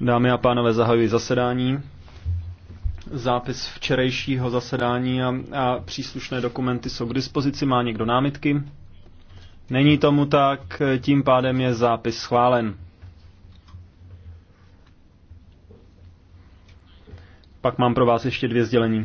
Dámy a pánové, zahajuji zasedání. Zápis včerejšího zasedání a, a příslušné dokumenty jsou k dispozici. Má někdo námitky? Není tomu tak, tím pádem je zápis schválen. Pak mám pro vás ještě dvě sdělení.